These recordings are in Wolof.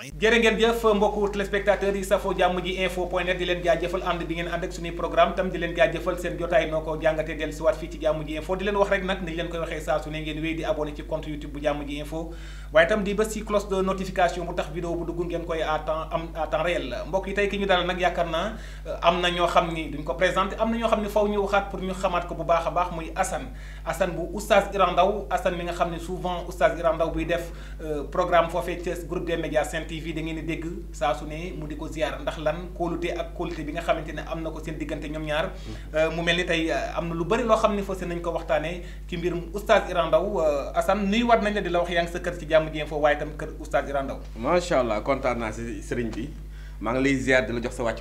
point. ngeen jëf mbokku téléspectateurs yi safo jàmm ji info point net di leen jaajëfal ànd di ngeen ànd ak suñuy programme tam di leen jaajëfal seen jotaay noo ko jàngatee dellu siwaat fii ci jàmm ji info di leen wax rek nag ni leen koy waxee saa su ne ngeen wéy di abonné ci compte youtube bu jàmm ji info waaye tam di bës ci de notification bu tax vidéo bu dugg ngeen koy à temps am à euh, am na ñoo xam ne faw ñu waxaat pour ñu xamaat ko bu baax a xam ne souvent oustaz Iran Ndaw buy def euh, programme foofee ci groupe TV da ngeen di dégg saa su ne mu di ko ziar ndax lan kóolute ak kóolute bi nga xamante ne am na ko seen diggante ñoom ñaar. Euh, mu mel ni tey euh, am na lu bari loo xam ne fas nañ ko waxtaanee ci mbirum oustaz Iran Ndao euh, Assane nuyuwaat nañ la di la wax yaa ngi sa kër ci jàmm ji info waaye itam kër oustaz Iran Ndao. macha allah kontaana naa si sëriñ bi maa ngi lay ziar di la jox sa wàcc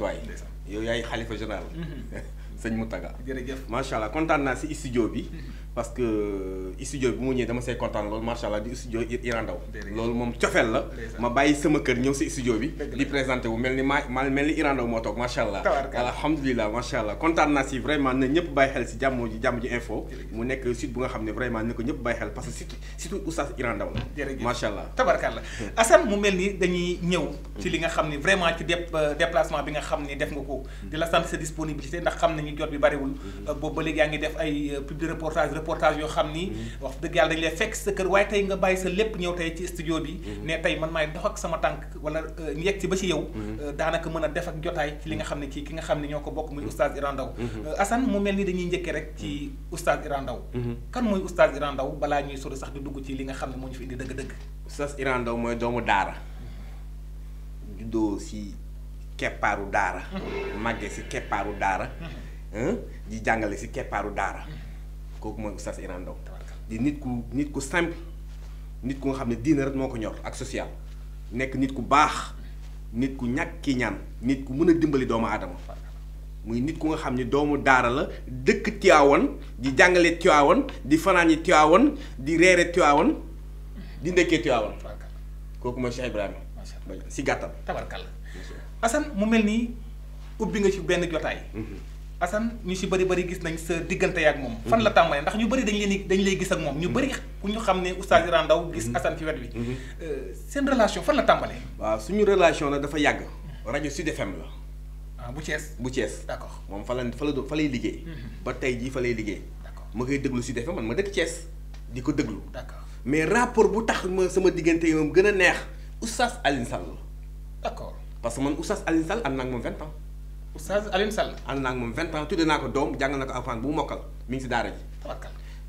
yow yaay xalifa général mm-hmm. sëñ Moutaga. jërëjëf macha allah kontaan naa si studio bi. parce que euh, studio bi mu ñëwee dama see kontaan loolu macha allah di studio Iran Ndao loolu moom cofeel la. ma bàyyi sama kër ñëw si studio bi. di présenté wu mel ni maa ma mel ni Iran Ndao moo toog macha allah. alhamdulilah macha allah kontaan naa si vraiment na ñëpp bàyyi xel si jàmm ji info. mu nekk site bu nga xam ne vraiment na ko ñëpp bàyyi xel parce que surtout surtout Iran Ndao la. jërëjëf macha allah tabarkalla Assane mu mel ni dañuy ñëw. ci li nga xam ne vraiment ci euh, déplacement bi nga xam ne def nga ñu jot bi bariwul mm-hmm. boobu ba léegi yaa ngi def ay euh, pub reportage reportage yoo xam ni mm-hmm. wax dëgg yàlla dañ lay fekk sa kër waaye tey nga bàyyi sa lépp ñëw tey ci studio bi mm-hmm. ne tey man maay dox ak sama tànk wala euh, yegg ci ba ci yow euh, daanaka mën a def ak jotaay ci li nga xam ne ci ki nga xam ne ñoo ko bokk muy oustaz Iran Ndao Assane mu mel ni dañuy njëkkee rek ci oustaz Iran Ndao kan mooy oustaz Iran Ndao balaa ñuy sori sax di dugg ci li nga xam ne moo ñu fi indi dëgg-dëgg oustaz Iran mooy doomu daara juddoo si keppaaru daara màggee di jàngale si keppaaru daara kooku mooy Oustaz Iran di nit ku nit ku simple nit ku nga xam ne diina rek moo ko ñor ak social nekk nit ku baax nit ku ñàkk ki ñaan nit ku mën a dimbali doomu aadama muy nit ku nga xam ni doomu daara la dëkk Tiwaawan di jàngale Tiwaawan di fanaan yi di reere Tiwaawan di ndekkee Tiwaawan kooku mooy Cheikh si gàttal tabarkalla Assane mu mel nii ubbi nga ci benn jotaay mhm. assan ñu si bëri bari gis nañ sa diggante yaak moom fan la mhm. tàmbalee ndax ñu bari dañ leen dañu lay gis ak moom ñu bari ku ñu xam ne oustaz Iran Ndao gis mhm. Assane fi wet mhm. euh, seen relation fan la tàmbalee waaw suñu relation nag dafa yàgg rajo Sud FM ah, bu Thiès bu Thiès d'accord moom fa la fa la liggéey ba tey jii fa lay liggéey d'accord ma koy déglu Sud FM man ma dëkk Thiès di ko déglu d'accord mais rapport bu tax ma sama diggante yi moom gën a neex oustaz Alioune Sall la d'accord parce que man oustaz Alioune Sall am naa ak moom oustaz Alioune Sall. ànd naa ak moom vingt ans tuddee naa ko doom jàngal na ko alxuraan bu mu mokkal mi si daara ji.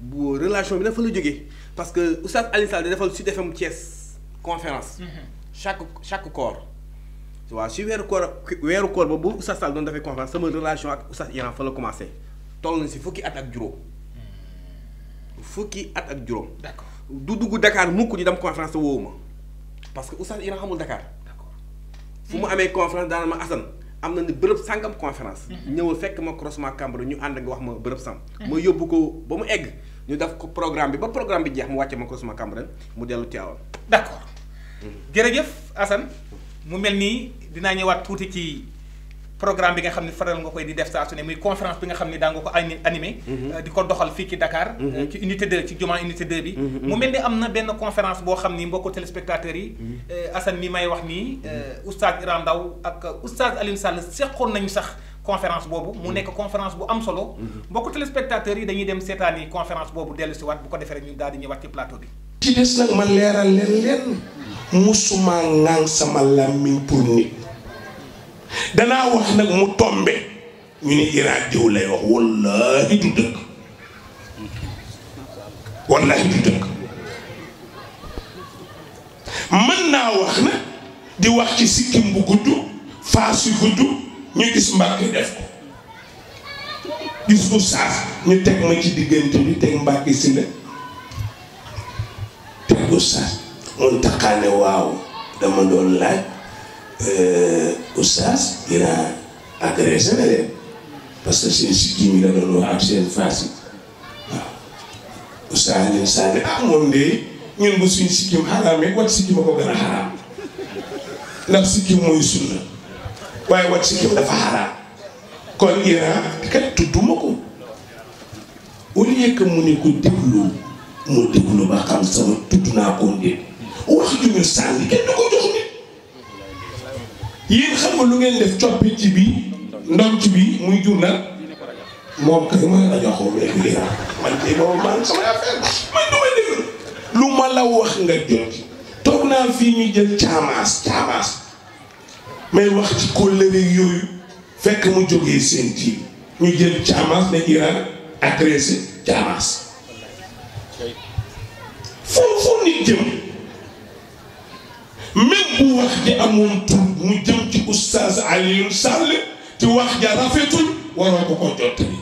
bu relation bi dafa la jógee parce que oustaz Alioune Sall da defal Sud FM Thiès conférence. Mhm. chaque chaque corps. waaw si weeru koor weeru koor bu oustaz Sall doon defee conférence sama relation ak oustaz Iran fa la commencé toll na si fukki at ak juróom. Hmm. fukki at ak juróom. d'accord du dugg Dakar mukk di dem conférence woowu ma parce que oustaz Iran xamul Dakar. d'accord mu amee conférence daana ma Assane. am na ni bërëb sàngam conférence. Mhm. ñëwal fekk ma croisement Cambérène ñu ànd nga wax ma bërëb sam mhm. ma yóbbu ko ba mu egg ñu def ko programme bi ba programme bi jeex mu wàcce ma croisement Cambérène mu dellu Tivaouane. d' accord mhm. jërëjëf Assane mu mel nii dinaa ñëwaat tuuti ci. programme bi nga xam ne faral nga koy di def saa su ne muy conférence bi nga xam ne daa nga ko animé mhm. euh, di ko doxal fii ci Dakar mhm. euh, ci unité 2 ci jumaa unité 2 bi mhm. mu mel ni am na benn conférence boo xam ni mbokku téléspectateurs yi euh, Assane mi may wax nii oustaz Iran Ndaw ak oustaz Alioune Sall seqoon nañu sax conférence boobu mu nekk conférence bu am solo mbokku téléspectateurs yi dañuy dem seetaani conférence boobu dellu si waat bu ko defee rek ñu daal di ñëwaat ci plateau ma leeral sama làmmiñ danaa wax nag mu tombe ñu ne Iran diw lay wax wallahi du dëkk wallahi du dëkk mën naa wax na di wax ci sikkim bu gudd faas yu gudd ñu gis Mbàkke def ko gis bu saas ñu teg ma ci diggante bi teg Mbàkke si la teg bu saas mun taxaane dama doon laaj Eh, oustaz dinaa agressé na leen parce que seen sikkim yi la doon ak seen faas yi waaw oustaz leen sànni ah moom de ñun bu suñ sikkim xaraamee wat sikkim a ko gën a xaraam ndax sikkim mooy sunna waaye wat sikkim dafa xaraam kon Iran kat tudduma ko au lieu mu ne ko déglu mu déglu ba xam sama tudd naa ko ndéet wax ju ñu sànni kenn ko jox yéen xam nga lu ngeen def coppi ci bi ndonc bi muy jur nag moom kay mooy rajo xaw ma lii ah. man kay moom maa ngi sama affaire man du lu ma la wax nga jot toog naa fii ñu jël caamaas caamaas may wax ci kóllëre yooyu fekk mu jógee seen ji ñu jël caamaas ne Iran agressé caamaas foofu nit jëm. wax ji amoon tur mu jëm ci oustaz Alioune Sall te wax ja rafetul waroo ko ko jottali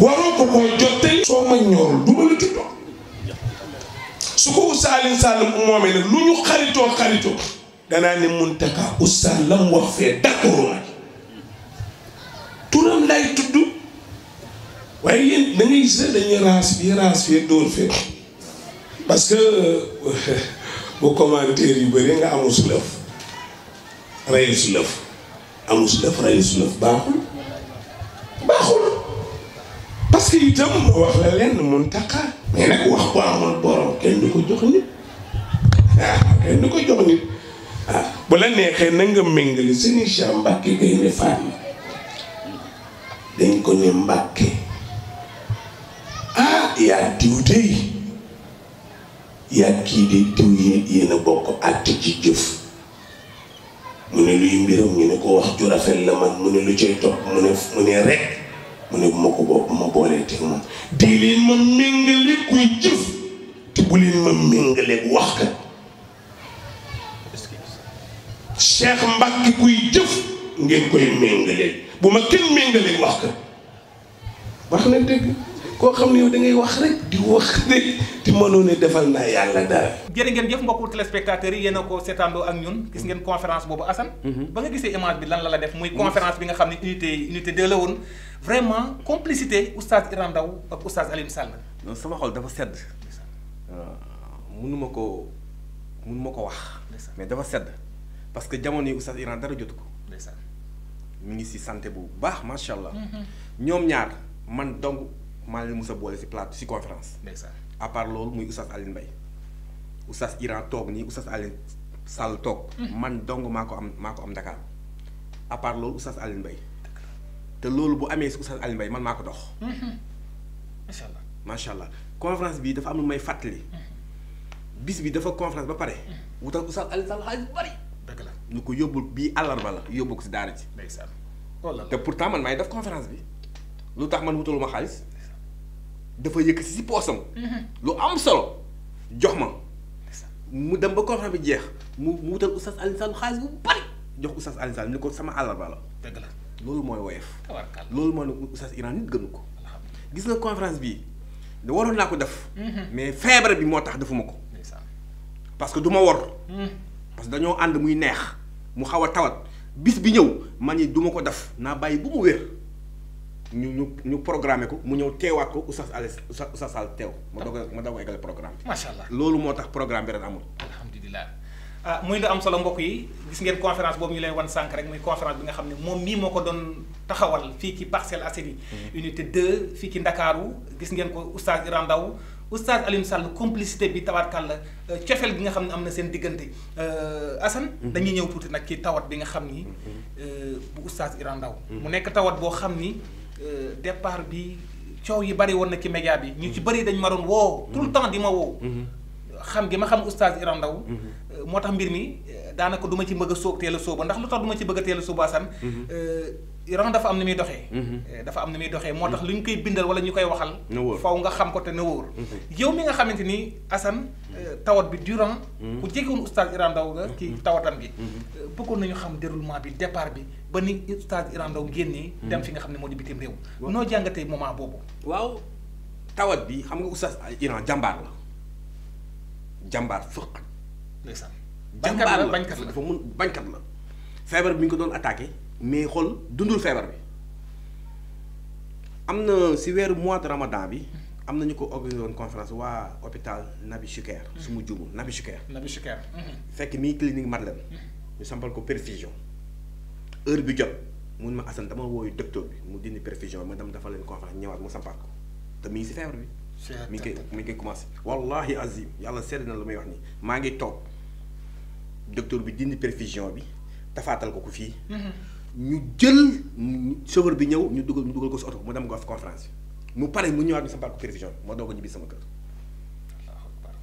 waroo ko ko jottali soo ma ñorul du ma la su ko oustaz Alioune Sall moomee nag lu ñu xaritoo xaritoo danaa ne Mountakha oustaz la mu wax fee d'accord na turam lay tudd waaye yéen da ngay gis dañuy raas fii raas fee dóor fee parce que bu commentaire yu bëri nga amus lëf reyus lëf baaxul baaxul parce que itam ma wax la lenn mun taqa mais nag wax ko amul borom kenn du ko jox nit waaw ah, kenn du ko jox nit ah, bu la neexee na nga méngale ne faam dañ ko ne Mbacke ah yaa diw yaa kii di diw yéen a bokk àtt ji jëf mu ne luy mbiram ñu ne ko wax ju rafet la man mu ne lu cay topp mu ne mu ne rek mu ne bu ma ko bopp ma boolee te moom leen ma méngale kuy jëf te bu leen ma méngale wax ka Cheikh Mbàkke kuy jëf ngeen koy méngale bu ma kenn méngale wax ka wax na dëgg koo xam ne yow wax rek di wax rek te mënoo ne defal naa yàlla dara. jërë yi yéen a ko seetaandoo ak ñun gis ngeen conférence boobu Assane. Mhm. ba nga gisee image bi lan la la def. muy mhm. conférence bi nga xam ne unité unité 2 la woon vraiment complicité oustaz Iran sama xol dafa sedd. Euh, mënuma ko munuma ko wax. mais dafa sedd parce que jamono yi oustaz Iran dara jotu ko. mu ngi si santé bu baax macha allah. Mhm. ñoom ñaar man dong. maa leen mës boole si plateau si conférence. à part loolu muy Oustaz Alioune Mbaye Oustaz Iran toog nii Oustaz Alioune Sall toog. Hmm. man dong maa ko am maa ko am Dakar à loolu Oustaz te loolu bu amee si Oustaz Alioune man maa ko dox. Hmm, hmm. macha allah macha bii dafa am lu may fàttali. bis bi dafa conférence ba pare. wutal Oustaz Alioune Sall xaalis bu bari. dëgg ko yóbbul bii àllarba la yóbbu ko si daara ji. Oh te pourtant man maay def conférence bi lu tax man wutaluma xaalis. dafa yëkkati si poosam. Mm-hmm. lu am solo jox ma. mu dem ba conférence bi jeex mu mu wutal oustaz Alioune Sall xaalis bu bari jox oustaz Alioune Sall ni ko sama àllarba la. loolu mooy woyef. loolu moo ne oustaz Iran nit gënu ko. gis nga conférence bii da waroon naa ko def. Mm-hmm. mais feebar bi moo tax defuma ko. parce que du ma wor. Mm. parce que dañoo ànd muy neex mu xaw a tawat bis bi ñëw man ni du ma ko def naa bàyyi bu mu wér. ñu ñu ñu programmé ko mu ñëw teewaat ko Oustaz Alé Oustaz Sall teew. ma ah. doog a ma doog a eggale programme bi. macha allah loolu moo tax programme bi ren amul. alhamdulilah ah muy lu am solo mbokk yi gis ngeen conférence boobu ñu leen wan sànq rek muy conférence bi nga xam ne moom mii moo ko doon taxawal fii ci Parcelles Assainies mm-hmm. unit de fii ci Ndakaaru gis ngeen ko Oustaz Iran Ndaw Oustaz Alioune Sall complicité bi tawaatkaal la euh, cofeel bi nga xam ne am na seen diggante euh, Assane. Mm-hmm. dañuy ñëw tuuti nag ci tawat bi nga xam ni mm-hmm. euh, bu mu nekk tawat boo xam ni. Euh, départ bi coow yi bari woon na ki média bi. ñu ci mhm. bëri dañ ma doon woo. tout mhm. temps di ma woo. Mhm. xam gi ma xam oustaz Iran Ndaw euh, moo tax mbir mi euh, daanaka du ma ci bëgg a soog teel a ndax lu tax du ci bëgg a teel a Iran dafa am ni muy doxee. Mhm. Eh, dafa am na muy doxee moo tax mhm. lu ñu koy bindal wala ñu koy waxal. faw nga xam ko te na wóor. Mhm. yow mi nga xamante ni Assane eh, tawat bi durant. ku jéggiwoon oustaz Iran Ndao nga ci tawatam bi. Eh, bëggoon nañu xam déroulement bi départ bi ba ni oustaz Iran Ndao génnee. dem fi nga xam ne moo di bitim réew. noo jàngatee moment boobu. waaw tawat bi xam nga oustaz Iran jàmbaar la jàmbaar fëq. ndeysaan bañkat la jàmbaar la dafa mun bañkat la feebar bi ñu ko doon attaqué. mais xool dundul feebar bi am na si weeru mois de ramadan bi am na ñu ko organisé woon conférence waa hôpital Nabi Choucair hmm. suma ma Nabi Choucair Nabi Choucair hmm. fekk mii clinique Madeleine hmm. ñu sampal ko perfusion heure bi jot mun ma Assane dama wooyu docteur bi mu dindi perfusion ma dem dafa leen conférence ñëwaat mu sampaat ko te mi ngi si feebar bi mi ngi koy mi ngi koy commencé wallahi azim yàlla sedd na lu may wax nii maa ngi toog docteur bi dindi perfusion bi tafaatal ko ko fii ñu jël chauffeur bi ñëw ñu dugal ñu dugal ko si oto mu dem ko af conférence mu pare mu ñëwaat sa sama ko prévision moo doog a ñibbi sama kër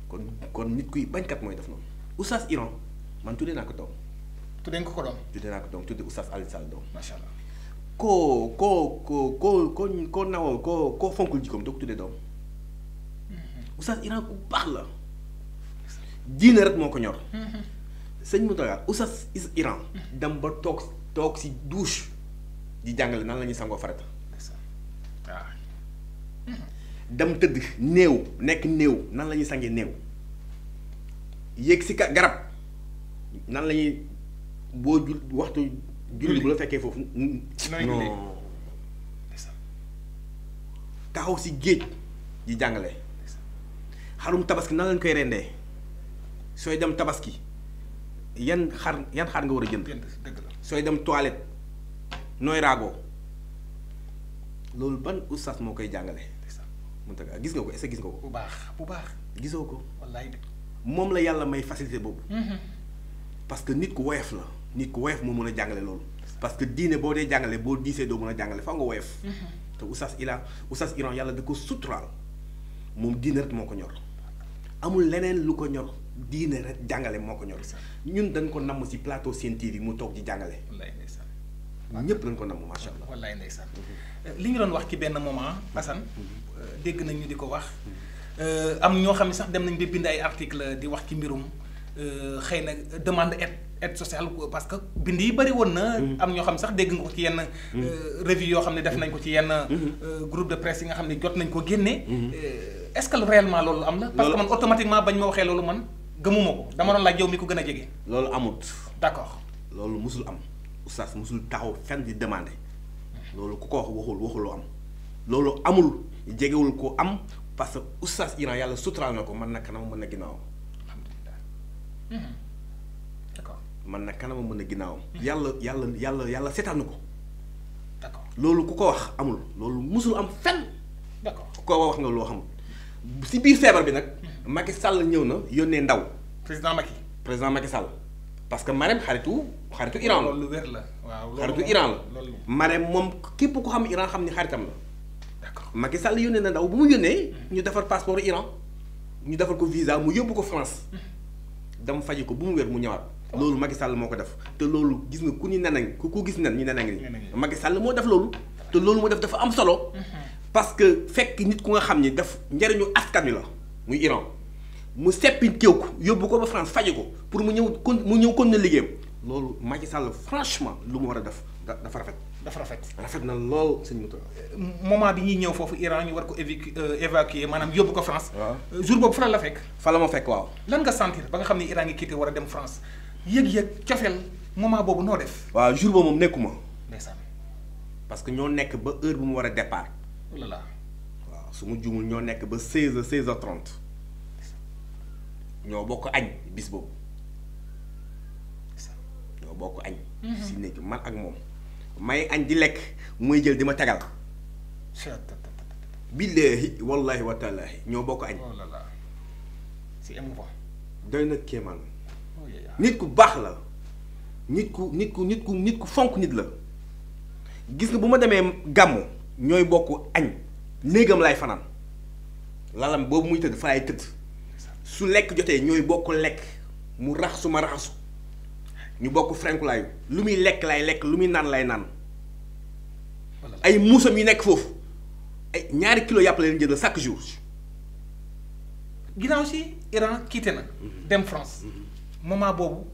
kon kon nit kuy bañkat mooy def noonu oustaz Iran man tuddee naa ko doom. ko ko doom tuddee oustaz Alioune Sall doom. macha allah koo koo koo ko tuddee doom mm-hmm. oustaz Iran ku baax la diine rek moo ko ñor mm-hmm. sëñ Moutaga oustaz Iran mm-hmm. dem ba toog. toog ci douche di jàngale nan la ñuy sangoo farata waaw dem tëdd néew nekk néew nan la ñuy sangee néew yéeg si garab nan lañuy ñuy boo jul waxtu julli bu la fekkee foofu non taxaw si géej di jàngale xarum tabaski nan lañ koy rendee sooy dem tabaski yan xar yan xar nga war a jënd dëgg la sooy dem toilette nooy raagoo loolu ban oustaz moo koy jàngale. Mountaga gis nga ko est gis nga ko. bu baax bu baax. gisoo ko. wallaay moom la yàlla may facilité boobu. Mm-hmm. parce que nit ku woyof la. nit ku woyof moo mën a jàngale loolu. parce que diine boo dee jàngale boo diisee doo mën a jàngale fa nga woyof. Mm-hmm. te oustaz Ila oustaz Iran yàlla da ko suturaal moom diine rek moo ko ñor amul leneen lu ko ñor. diine rek jàngale moo ko sax ñun dañ ko namm si plateau Sen TV mu toog di jàngale. wallaay ndeysaan. ñëpp dañ ko namm macha allah. wallaay sax mhm. euh, li ñu doon wax ci benn moment Assane mhm. euh, dégg nañ ñu di ko wax mhm. euh, am ñoo xam ne sax dem nañ ba bind ay article di wax ci mbirum xëy na demande aide aide sociale parce que bind yi bari woon na. am ñoo xam sax dégg nga ko ci yenn. revue yoo xam ne def nañ ko ci yenn. groupe de presse yi nga xam ne jot nañ ko génne. est-ce que réellement loolu am na. bañ ma waxee loolu man. gëmuma ko dama doon laaj yow mi ko gën a jege. loolu amut. d'accord loolu musul am oustaz musul taxaw fen di demandé loolu ku ko wax waxul waxuloo am loolu amul jegewul ko am parce que oustaz yàlla suturaal ko mën na kanam mën na ginnaawam. alhamdulilah. mën hmm. na kanam mën na ginnaawam. Hmm. yàlla yàlla yàlla yàlla seetaan ko. d'accord loolu ku ko wax amul loolu musul am fen d'accord ku ko wax nga loo xamul si biir feebar bi nag. Macky Sall ñëw na yónnee ndaw. président Macky président Macky Sall. parce que Marème xaritu xaritu Iran la. loolu la waaw xaritu Iran la. Marème moom képp ku xam Iran xam ni xaritam la. d'accord Macky Sall yónnee na ndaw bu mu yónnee. ñu defar passeport Iran. ñu defar ko visa mu yóbbu ko France. dama faji ko bu mu wér mu ñëwaat. loolu Macky sàll moo ko def te loolu gis nga ku ñu nenañ ku ko gis nen ñu nenañ ni Macky Sall moo def loolu. te loolu moo def dafa am solo. Mhm. parce que fekk nit ku nga xam ni daf njëriñu askan wi la. mu Iran mu seppinteew ko yóbbu ko ba France faje ko pour mu ñëw kon mu ñëw kon na liggéeyam loolu Macky Sall franchement lu mu war a def dafa rafet. dafa rafet rafet na lool sëñ Moussa. Euh, moment bi ñuy ñëw foofu Iran ñu war ko évi euh, évacuer maanaam yóbbu ko France. jour boobu fa la fekk. fa la ma fekk waaw. lan nga sentir ba nga xam ne Iran ngi quitté war a dem France yëg-yëg cofeel moment boobu noo def. waaw jour boobu moom nekkuma. ndeysaan parce que ñoo nekk ba heure bi mu war a départ. su ma jumul ñoo nekk ba 16h h ñoo bokk añ bis boobu ñoo bokk añ. si mhm. nekk man ak moom may añ di lekk muy jël di ma tegal. billaahi wallaahi wa taalaahi ñoo bokk añ. Oh si am na kéemaan oh, nit ku baax la. nit ku nit ku nit ku nit ku fonk nit la gis na bu ma demee gàmmu ñooy bokk añ. néegam lay fanaan lalam boobu muy tëdd fa laay tëdd su lekk jotee ñooy bokk lekk mu rax su ma raxasu ñu bokk frenkulaayu lu muy lekk lay lekk lu muy naan lay naan ay muusam yu nekk foofu ay ñaari kilo yàpp la leen jënd chaque jour ginnaaw si Iran kiite na mm-hmm. dem France mm-hmm. moment boobu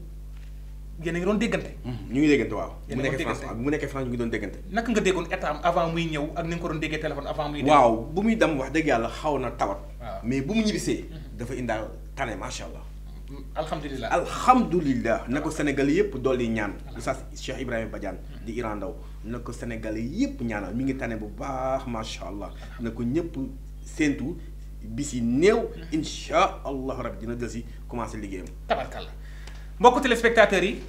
yéen a ngi doon déggante. Hmm, ñu ngi déggante waaw. bu nekkee France waaw bu nekkee France ñu ngi doon déggante. naka nga déggoon état am avant muy ñëw ak ni nga ko doon déggee téléphone avant muy. waaw bu muy dem wax dëgg yàlla xaw na tawat. mais bu mu ñibbisee. Hmm. dafa indaal tane macha hmm, allah. alhamdulilah alhamdulilah na ko Sénégal yëpp dolli ñaan. Oustaz Cheikh Ibrahima Badiane. di Iran Ndaw na ko Sénégal yëpp ñaanal mi ngi tane bu baax macha allah na ko ñëpp séentu bi si néew. incha allah dina dël commencé liggéeyam. tabarkalla mbokku téléspectateurs yi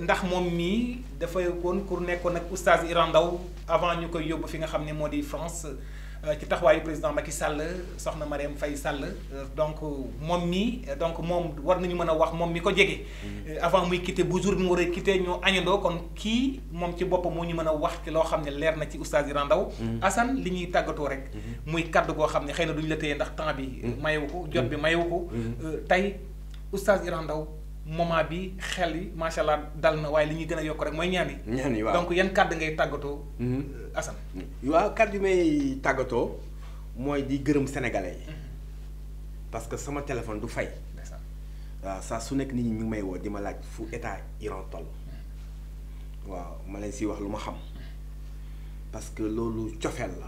ndax moom mii dafa woon pour nekkoon ak oustaz Iran Ndao avant ñu koy yóbbu fi nga xam ne moo di France euh, ci taxawaayu président Macky Sall soxna ma Marième fay Sall donc moom mii donc moom war nañu mën a wax moom mi ko jege. Mm-hmm. Euh, avant muy quitté bu jour bi mu war a ñoo añandoo kon kii moom ci boppam moo ñu mën a wax ki loo xam ne leer na ci oustaz Iran ndaw mm-hmm. Assane li ñuy tàggatoo rek. Mm-hmm. muy kaddu goo xam ne xëy na duñu la téye ndax temps bi. mayewu ko jot bi mayewu ko. Euh, tey oustaz moment bi xel yi macha allah dal na waaye li ñuy gën a yokku rek mooy ñaan yi. ñaan yi waaw donc yan kàddu ngay tàggatoo. Mhm. Euh, Assane. waaw kàddu yi may tàggatoo mooy di gërëm sénégalais yi. Mhm. parce que sama téléphone du fay. waaw saa su nekk nit ñi ñu may woo di ma laaj fu état Iran toll. Mhm. waaw ma leen si wax lu ma xam. parce que loolu cofeel la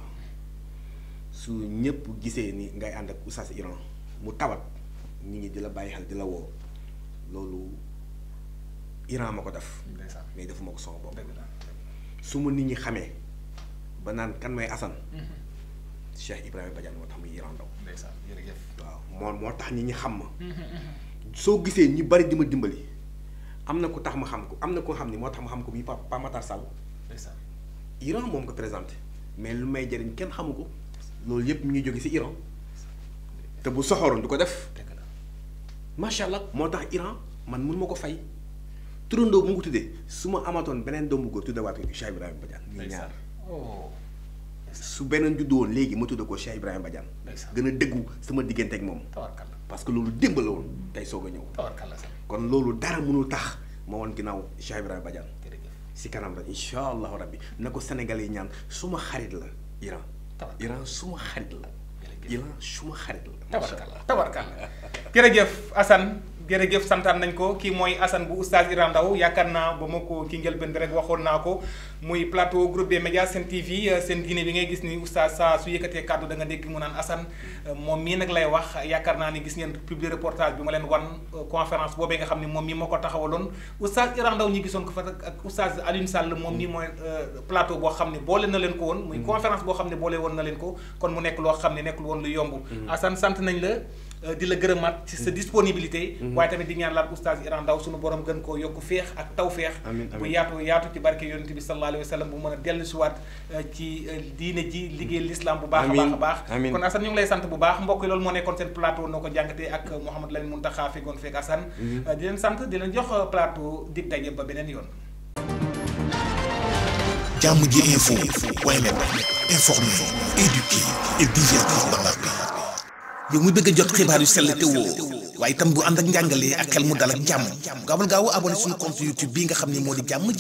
su ñëpp gisee ni ngay ànd ak oustaz Iran mu tawat nit ñi di la bàyyi xel di la woo. loolu Iran ma ko def. mais defuma ko sama bopp. su ma nit ñi xamee ba naan kan mooy Assane. Mm-hmm. Cheikh Ibrahima Badiane moo tax muy moom moo tax nit ñi xam ma. Mm-hmm. soo gisee ñu bari di dimbali am na ku tax ma xam ko am na koo xam ni moo tax ma xam ko muy Pa Matar Sall. Iran moom ko présenté mais lu may jëriñ kenn xamu ko loolu yëpp mi ngi jóge ci Iran te bu soxoroon du ko def. macha allah moo tax Iran man mun ma ko fay turandoo bu mu ko tuddee su ma amatoon beneen doomu góor tuddawaat ko Cheikh Ibrahima Badiane. ñu ñaar oh. su beneen juddu woon léegi ma tudda ko Cheikh Ibrahima Badiane. gën a dëggu sama diggante ak moom. parce que loolu démb la woon tey soog a ñëw. kon loolu dara mënul tax ma woon ginnaaw Cheikh Ibrahima Badiane. si kanam la incha allahu rabbi na ko Sénégal yi ñaan suma xarit la Iran. Iran suma xarit la. Ilan suma xarit la. tabarkalla tabarkalla jërëjëf Assane. jërëjëf santaan nañ ko kii mooy assan bu oustaz Iran Ndaw yaakaar naa ba ma ko ci njëlbéen rek waxoon naa ko muy plateau groupe des médias seen euh, seen diine bi ngay gis ni oustaz saa su yëkkatee kàddu da nga dégg mu naan Assane euh, moom mii nag lay wax yaakaar naa ni gis ngeen publier reportage bi leen wan euh, conférence boobee nga xam ne moom mii moo ko taxawaloon oustaz Iran Ndaw ñi ko fa ak oustaz moom nii mooy plateau boo xam ne boole na leen ko woon muy mm-hmm. conférence boo xam ne boole woon na leen ko kon mu nekk loo xam ne nekkul woon lu yomb mm-hmm. assan sant nañ la Euh, di la gërëmaat ci sa mm. disponibilité mm-hmm. waaye tamit di ñaan laat oustaz Iran Ndao suñu boroom gën koo yokk féex ak taw féex bu yaatu yaatu ci barke yonent bi sallallahu alayhi wa sallam bu a dellu si waat euh, ci euh, ji liggéey l'islam bu baax a baax a baax kon Assane ñu ngi lay sant bu baax mbokk yi loolu moo nekkoon seen plateau noo ko jàngatee ak Mouhamed Lamine Mountakha fekkoon fekk Assane mm-hmm. di leen sant di leen jox plateau dig daje ba beneen yoon jàmm ji info waaye nag informer, éduquer yow mu bëgg a jot xibaar yu sell te woo waaye tam bu ànd ak njàngalee ak xel mu dal ak jàmm gaawal gaaw abonné suñu compte YouTube bii nga xam ne moo di jàmm